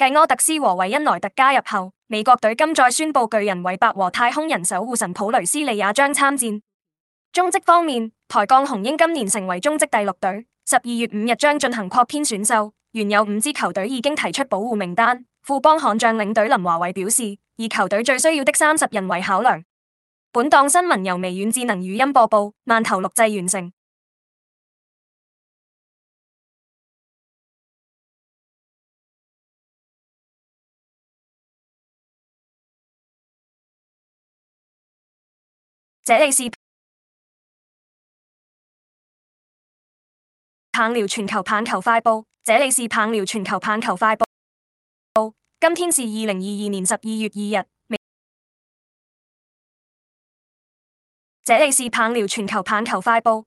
繼柯特斯和韋恩萊特加入後，美國隊今再宣布巨人韋伯和太空人守護神普雷斯利也將參戰。中職方面，台鋼雄鷹今年成為中職第六隊，十二月五日將進行擴編選秀，原有五支球隊已經提出保護名單。富邦悍將領隊林華偉表示，以球隊最需要的三十人為考量。本檔新聞由微軟智能語音播報，萬頭錄製完成。這裏是棒聊全球棒球快報，這裏是棒聊全球棒球快報。今天是二零二二年十二月二日。這裏是棒聊全球棒球快報。